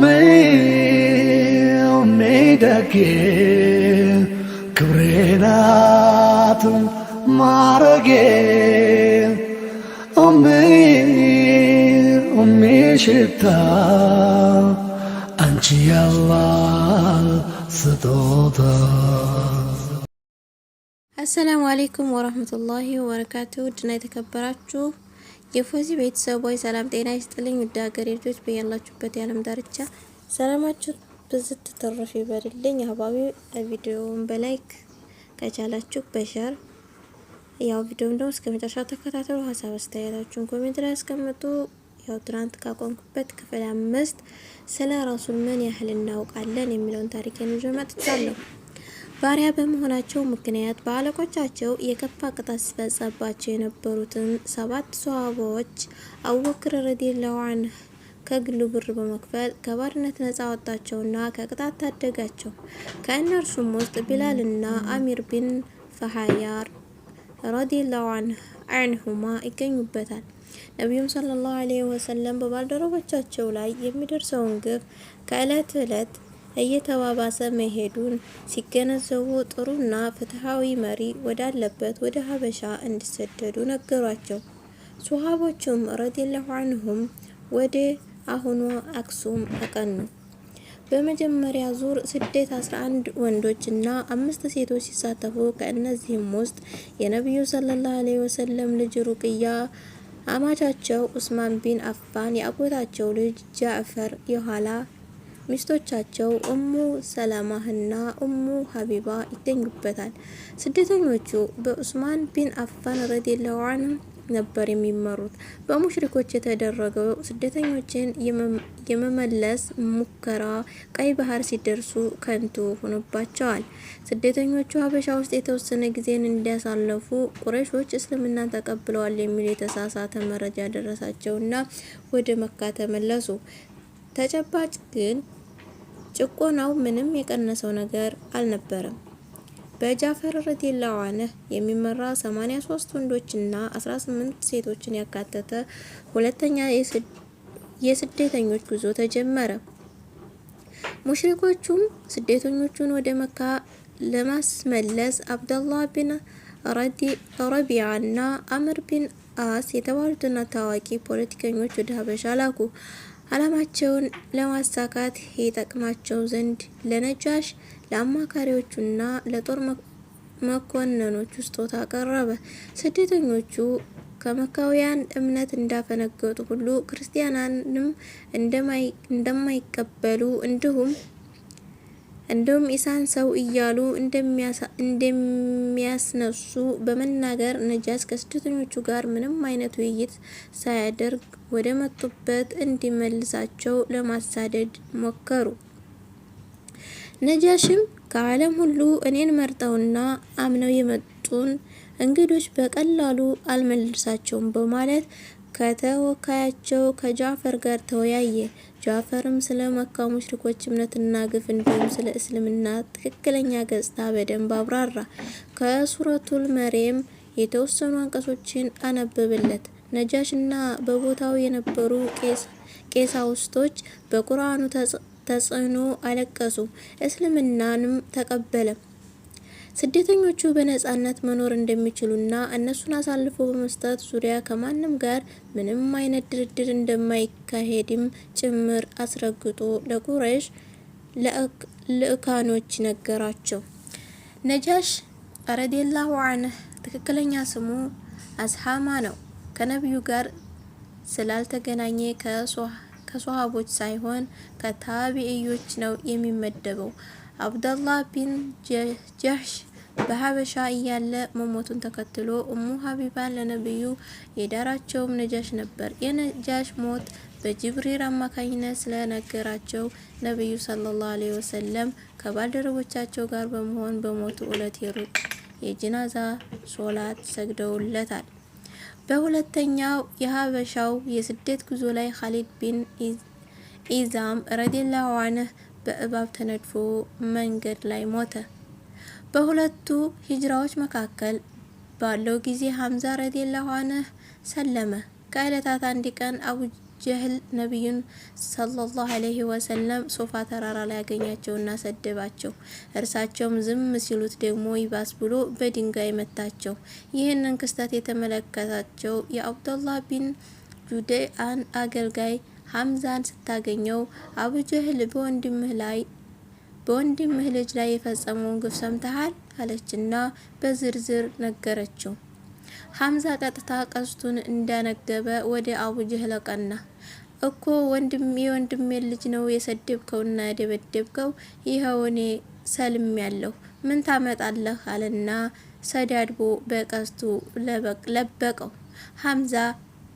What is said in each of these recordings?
ሜሜደጌ ክብሬናት ማረጌ ኦሜ ኦሜ ሽታ አንቺ ያላህ ስጦታ አሰላሙ አሌይኩም ወረህመቱላሂ ወበረካቱሁ ድና የተከበራችሁ የፎዚ ቤተሰቦች ሰላም ጤና ይስጥልኝ። ውድ ሀገሬ ልጆች በያላችሁበት የዓለም ዳርቻ ሰላማችሁ ብዝት ተረፍ ይበልልኝ። አህባቢ ቪዲዮውን በላይክ ከቻላችሁ በሸር ያው ቪዲዮውን ደግሞ እስከ መጨረሻ ተከታተሉ። ሀሳብ አስተያየታችሁን ኮሜንት ላይ አስቀምጡ። ያው ትናንት ካቆምኩበት ክፍል አምስት ስለ ራሱን ምን ያህል እናውቃለን የሚለውን ታሪክ ይዤ መጥቻለሁ። ባሪያ በመሆናቸው ምክንያት በአለቆቻቸው የከፋ ቅጣት ሲፈጸባቸው የነበሩትን ሰባት ሰዋቦዎች አቡበክር ረዲየላሁ ዐንሁ ከግሉ ብር በመክፈል ከባርነት ነጻ አወጣቸውና ከቅጣት ታደጋቸው። ከእነርሱም ውስጥ ቢላልና አሚር ቢን ፈሐያር ረዲየላሁ አይንሁማ ይገኙበታል። ነቢዩም ሰለላሁ ዐለይሂ ወሰለም በባልደረቦቻቸው ላይ የሚደርሰውን ግፍ ከእለት እለት እየተባባሰ መሄዱን ሲገነዘቡ ጥሩና ፍትሐዊ መሪ ወዳለበት ወደ ሀበሻ እንዲሰደዱ ነገሯቸው። ሱሃቦቹም ረዲየላሁ አንሁም ወደ አሁኗ አክሱም አቀኑ። በመጀመሪያ ዙር ስደት 11 እና አምስት ሴቶች ሲሳተፉ ከእነዚህም ውስጥ የነቢዩ ሰለላሁ ዐለይሂ ወሰለም ልጅ ሩቅያ፣ አማቻቸው ኡስማን ቢን አፋን፣ የአጎታቸው ልጅ ጃዕፈር የኋላ ሚስቶቻቸው እሙ ሰላማህና እሙ ሀቢባ ይገኙበታል። ስደተኞቹ በኡስማን ቢን አፋን ረዲየላሁ ነበር የሚመሩት። በሙሽሪኮች የተደረገው ስደተኞችን የመመለስ ሙከራ ቀይ ባህር ሲደርሱ ከንቱ ሆኖባቸዋል። ስደተኞቹ ሀበሻ ውስጥ የተወሰነ ጊዜን እንዲያሳለፉ ቁረሾች እስልምና ተቀብለዋል የሚል የተሳሳተ መረጃ ደረሳቸውና ወደ መካ ተመለሱ። ተጨባጭ ግን ጭቆናው ምንም የቀነሰው ነገር አልነበረም። በጃፈር ረዲየላሁ የሚመራ 83 ወንዶችና 18 ሴቶችን ያካተተ ሁለተኛ የስደተኞች ጉዞ ተጀመረ። ሙሽሪኮቹም ስደተኞቹን ወደ መካ ለማስመለስ አብደላህ ቢን ረቢያ እና አምር ቢን አስ የተባሉትና ታዋቂ ፖለቲከኞች ወደ ሀበሻ ላኩ። ዓላማቸውን ለማሳካት ይጠቅማቸው ዘንድ ለነጃሽ ለአማካሪዎቹና ለጦር መኮንኖቹ ስጦታ ቀረበ። ስደተኞቹ ከመካውያን እምነት እንዳፈነገጡ ሁሉ ክርስቲያናንም እንደማይቀበሉ እንዲሁም እንደውም ኢሳን ሰው እያሉ እንደሚያስነሱ በመናገር ነጃስ ከስደተኞቹ ጋር ምንም አይነት ውይይት ሳያደርግ ወደ መጡበት እንዲመልሳቸው ለማሳደድ ሞከሩ። ነጃሽም ከዓለም ሁሉ እኔን መርጠውና አምነው የመጡን እንግዶች በቀላሉ አልመልሳቸውም በማለት ከተወካያቸው ከጃፈር ጋር ተወያየ። ጃፈርም ስለ መካ ሙሽሪኮች እምነትና ግፍ እንዲሁም ስለ እስልምና ትክክለኛ ገጽታ በደንብ አብራራ። ከሱረቱል መሬም የተወሰኑ አንቀሶችን አነበብለት። ነጃሽና በቦታው የነበሩ ቄሳውስቶች በቁርአኑ ተጽዕኖ አለቀሱ፣ እስልምናንም ተቀበለ። ስደተኞቹ በነጻነት መኖር እንደሚችሉና እነሱን አሳልፎ በመስጠት ዙሪያ ከማንም ጋር ምንም አይነት ድርድር እንደማይካሄድም ጭምር አስረግጦ ለቁረይሽ ልዕካኖች ነገራቸው። ነጃሽ ረዲየላሁ አንህ ትክክለኛ ስሙ አዝሃማ ነው። ከነቢዩ ጋር ስላልተገናኘ ከሶሃቦች ሳይሆን ከታቢዕዮች ነው የሚመደበው። አብደላህ ቢን ጀህሽ በሀበሻ እያለ መሞቱን ተከትሎ እሙ ሀቢባን ለነብዩ የዳራቸውም ነጃሽ ነበር። የነጃሽ ሞት በጅብሪል አማካኝነት ስለነገራቸው ነብዩ ሰለላሁ ዐለይሂ ወሰለም ከባልደረቦቻቸው ጋር በመሆን በሞቱ ዕለት የሩቅ የጅናዛ ሶላት ሰግደውለታል። በሁለተኛው የሀበሻው የስደት ጉዞ ላይ ኻሊድ ቢን ኢዛም ረዲላሁ አንህ በእባብ ተነድፎ መንገድ ላይ ሞተ። በሁለቱ ሂጅራዎች መካከል ባለው ጊዜ ሐምዛ ረዲየላሁ ዐንህ ሰለመ። ከዕለታት አንድ ቀን አቡ ጀህል ነቢዩን ሰለላሁ ዐለይሂ ወሰለም ሶፋ ተራራ ላይ ያገኛቸውና ሰደባቸው። እርሳቸውም ዝም ሲሉት ደግሞ ይባስ ብሎ በድንጋይ መታቸው። ይህንን ክስተት የተመለከታቸው የአብዱላህ ቢን ጁደአን አገልጋይ ሐምዛን ስታገኘው አቡ ጀህል በወንድምህ ላይ በወንድምህ ልጅ ላይ የፈጸመውን ግፍ ሰምተሃል አለችና በዝርዝር ነገረችው። ሀምዛ ቀጥታ ቀስቱን እንዳነገበ ወደ አቡጀህል ቀና። እኮ ወንድሜ የወንድሜን ልጅ ነው የሰደብከውና የደበደብከው፣ ይኸው እኔ ሰልም ያለሁ ምን ታመጣለህ አለና ሰዳድቦ በቀስቱ ለበቀው። ሀምዛ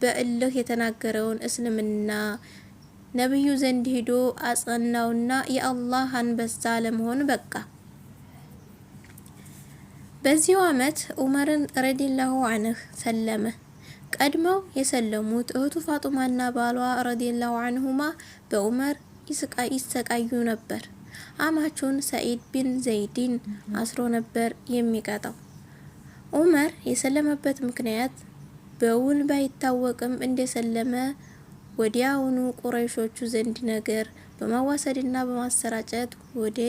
በእልህ የተናገረውን እስልምና ነብዩ ዘንድ ሂዶ አጸናውና የአላህ አንበሳ ለመሆን በቃ። በዚሁ ዓመት ዑመርን ረዲላሁ አንህ ሰለመ። ቀድመው የሰለሙት እህቱ ፋጡማና ባሏ ረዲላሁ አንሁማ በዑመር ይሰቃዩ ነበር። አማቹን ሰኢድ ቢን ዘይዲን አስሮ ነበር የሚቀጣው። ዑመር የሰለመበት ምክንያት በውል ባይታወቅም እንደሰለመ ወዲያውኑ ቁረይሾቹ ዘንድ ነገር በማዋሰድና በማሰራጨት ወደ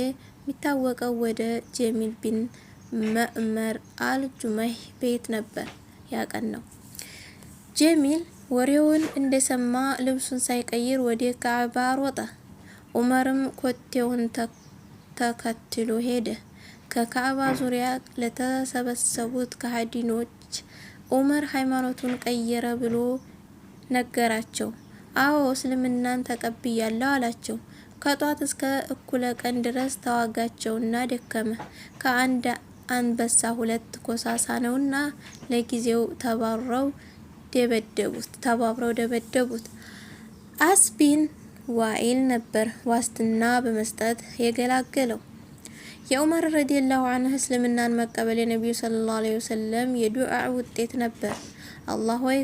ሚታወቀው ወደ ጀሚል ቢን መእመር አል ጁመህ ቤት ነበር ያቀናው። ጀሚል ወሬውን እንደሰማ ልብሱን ሳይቀይር ወደ ካዕባ ሮጠ። ዑመርም ኮቴውን ተከትሎ ሄደ። ከካዕባ ዙሪያ ለተሰበሰቡት ከሃዲኖች ዑመር ሃይማኖቱን ቀየረ ብሎ ነገራቸው። አዎ እስልምናን ተቀብያለሁ አላቸው። ከጧት እስከ እኩለ ቀን ድረስ ተዋጋቸውና ደከመ። ከአንድ አንበሳ ሁለት ኮሳሳ ነውና ለጊዜው ተባረው ደበደቡት ተባብረው ደበደቡት። አስቢን ዋኢል ነበር ዋስትና በመስጠት የገላገለው። የዑመር ረዲየላሁ አንሁ እስልምናን መቀበል የነቢዩ ሰለላሁ ዐለይሂ ወሰለም የዱዓ ውጤት ነበር። አላህ ወይ!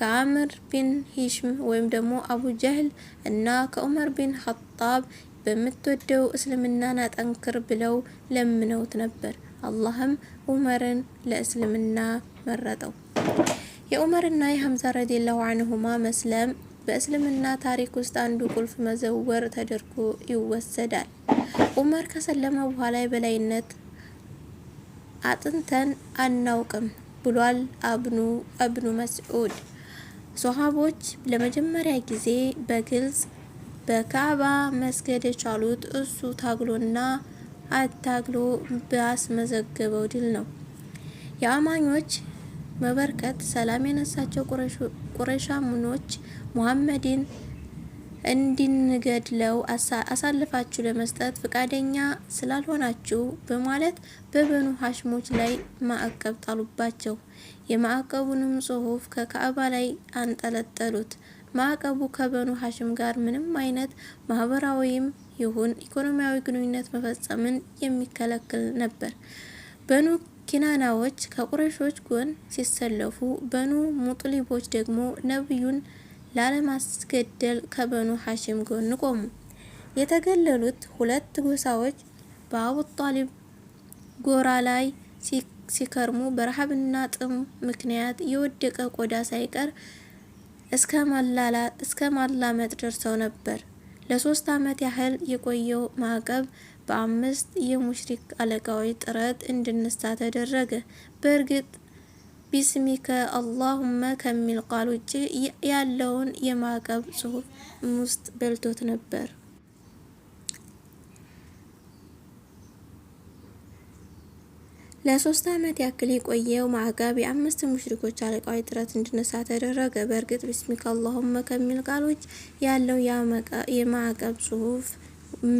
ከአምር ቢን ሂሽም ወይም ደግሞ አቡ ጀህል እና ከኡመር ቢን ኸጣብ በምትወደው እስልምናን አጠንክር ብለው ለምነውት ነበር። አላህም ኡመርን ለእስልምና መረጠው። የዑመርና የሐምዛ ረዲላሁ አንሁማ መስለም በእስልምና ታሪክ ውስጥ አንዱ ቁልፍ መዘወር ተደርጎ ይወሰዳል። ዑመር ከሰለመ በኋላ የበላይነት አጥንተን አናውቅም ብሏል አብኑ አብኑ መስዑድ ሶሃቦች ለመጀመሪያ ጊዜ በግልጽ በካዕባ መስገድ የቻሉት እሱ ታግሎና አታግሎ ባስመዘገበው ድል ነው። የአማኞች መበርከት ሰላም የነሳቸው ቁረሻሙኖች ሙሐመድን እንድንገድለው አሳልፋችሁ ለመስጠት ፈቃደኛ ስላልሆናችሁ በማለት በበኑ ሀሽሞች ላይ ማዕቀብ ጣሉባቸው። የማዕቀቡንም ጽሑፍ ከካዕባ ላይ አንጠለጠሉት። ማዕቀቡ ከበኑ ሀሽም ጋር ምንም አይነት ማህበራዊም ይሁን ኢኮኖሚያዊ ግንኙነት መፈጸምን የሚከለክል ነበር። በኑ ኪናናዎች ከቁረሾች ጎን ሲሰለፉ፣ በኑ ሙጥሊቦች ደግሞ ነብዩን ላለማስገደል ከበኑ ሐሽም ጎን ቆሙ። የተገለሉት ሁለት ጎሳዎች በአቡ ጣሊብ ጎራ ላይ ሲከርሙ በረሃብና ጥም ምክንያት የወደቀ ቆዳ ሳይቀር እስከ ማላመጥ ደርሰው ነበር። ለሶስት ዓመት ያህል የቆየው ማዕቀብ በአምስት የሙሽሪክ አለቃዎች ጥረት እንድንሳ ተደረገ። በእርግጥ ቢስሚከ አላሁመ ከሚል ቃል ውጭ ያለውን የማዕቀብ ጽሁፍ ውስጥ በልቶት ነበር። ለሶስት ዓመት ያክል የቆየው ማዕቀብ የአምስት ሙሽሪኮች አለቃዊ ጥረት እንዲነሳ ተደረገ። በእርግጥ ቢስሚከ አላሁመ ከሚል ቃል ውጭ ያለው የማዕቀብ ጽሁፍ።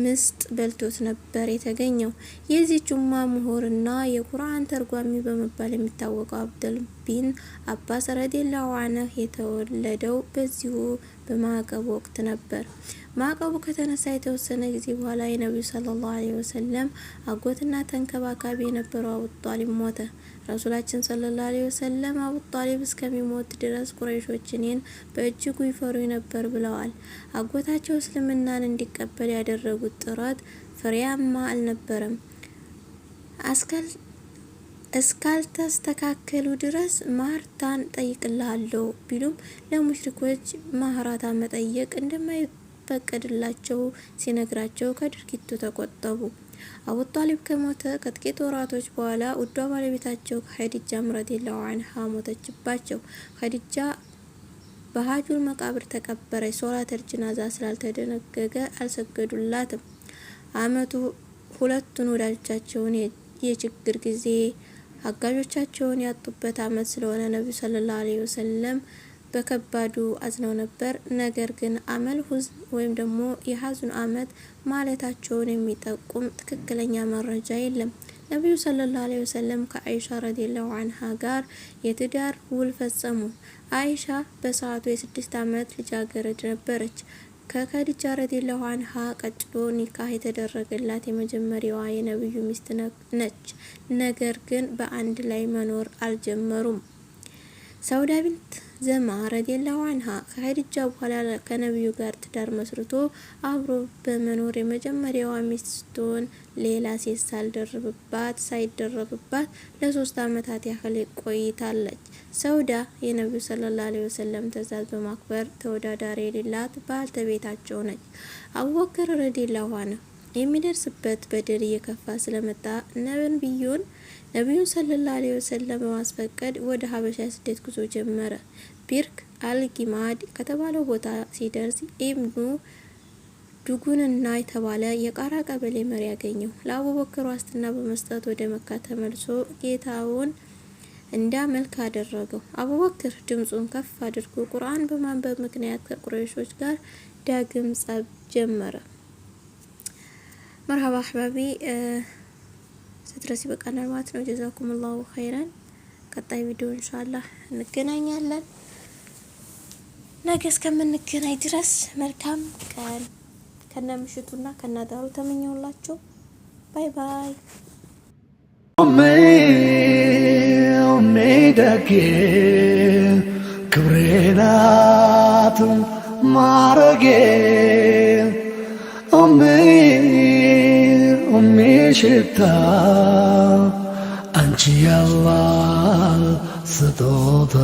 ምስጥ በልቶት ነበር የተገኘው። የዚች ኡማ ምሁርና የቁርአን ተርጓሚ በመባል የሚታወቀው አብደል ቢን አባስ ረዲላሁ አንሁ የተወለደው በዚሁ በማዕቀቡ ወቅት ነበር። ማዕቀቡ ከተነሳ የተወሰነ ጊዜ በኋላ የነቢዩ ሰለላሁ ዐለይሂ ወሰለም አጎትና ተንከባካቢ የነበረው አቡ ጧሊብ ሞተ። ረሱላችን ሰለላሁ ዐለይሂ ወሰለም አቡ ጣሊብ እስከሚሞት ድረስ ቁረይሾች እኔን በእጅጉ ይፈሩ ነበር ብለዋል። አጎታቸው እስልምናን እንዲቀበል ያደረጉት ጥረት ፍሬያማ አልነበረም። እስካልተስተካከሉ ድረስ ማህርታን ጠይቅልሃለሁ ቢሉም ለሙሽሪኮች ማህራታ መጠየቅ እንደማይፈቀድላቸው ሲነግራቸው ከድርጊቱ ተቆጠቡ። አቡ ጣሊብ ከሞተ ከጥቂት ወራቶች በኋላ ውዷ ባለቤታቸው ከሀዲጃ ረዲየላሁ አንሃ ሞተችባቸው። ኸዲጃ በሀጁል መቃብር ተቀበረች። ሶላተል ጅናዛ ስላልተደነገገ አልሰገዱላትም። አመቱ ሁለቱን ወዳጆቻቸውን የችግር ጊዜ አጋዦቻቸውን ያጡበት አመት ስለሆነ ነቢዩ ሰለላሁ ዐለይሂ ወሰለም በከባዱ አዝነው ነበር። ነገር ግን አመል ሁዝን ወይም ደግሞ የሀዙን አመት ማለታቸውን የሚጠቁም ትክክለኛ መረጃ የለም። ነቢዩ ሰለላሁ ዐለይሂ ወሰለም ከአይሻ ረዲየላሁ አንሃ ጋር የትዳር ውል ፈጸሙ። አይሻ በሰዓቱ የስድስት ዓመት ልጃገረድ ነበረች። ከከዲጃ ረዲየላሁ አንሃ ቀጥሎ ኒካህ የተደረገላት የመጀመሪያዋ የነቢዩ ሚስት ነች። ነገር ግን በአንድ ላይ መኖር አልጀመሩም። ሰውዳ ቢንት ዘማ ረዲየላሁ አንሃ ከኸዲጃ በኋላ ከነቢዩ ጋር ትዳር መስርቶ አብሮ በመኖር የመጀመሪያዋ ሚስት ስትሆን ሌላ ሴት ሳልደረብባት ሳይደረብባት ለሶስት ዓመታት ያህል ቆይታለች። ሰውዳ የነቢዩ ሰለላሁ ዓለይሂ ወሰለም ትእዛዝ በማክበር ተወዳዳሪ የሌላት ባልተቤታቸው ነች። አቡበከር ረዲየላሁ አንሁ የሚደርስበት በደል እየከፋ ስለመጣ ነብዩን ነቢዩን ሰለላሁ ዓለይሂ ወሰለም በማስፈቀድ ወደ ሀበሻ ስደት ጉዞ ጀመረ። ቢርክ አልጊማድ ከተባለው ቦታ ሲደርስ ኢብኑ ዱጉንና የተባለ የቃራ ቀበሌ መሪ ያገኘው። ለአቡበክር ዋስትና በመስጠት ወደ መካ ተመልሶ ጌታውን መልክ አደረገው። አቡበክር ድምፁን ከፍ አድርጎ ቁርአን በማንበብ ምክንያት ከቁረይሾች ጋር ዳግም ጸብ ጀመረ። መርሀባ አህባቢ ስትረስ ይበቃናል ማለት ነው። ላሁ ኸይረን። ቀጣይ ቪዲዮ እንሻላ እንገናኛለን። ነገ እስከምንገናኝ ድረስ መልካም ቀን ከነ ምሽቱና ከነ ዳሩ ተመኘሁላችሁ። ባይ ባይ ሜ ደጌ ማረጌ ሜ ሽታ አንቺ ስጦታ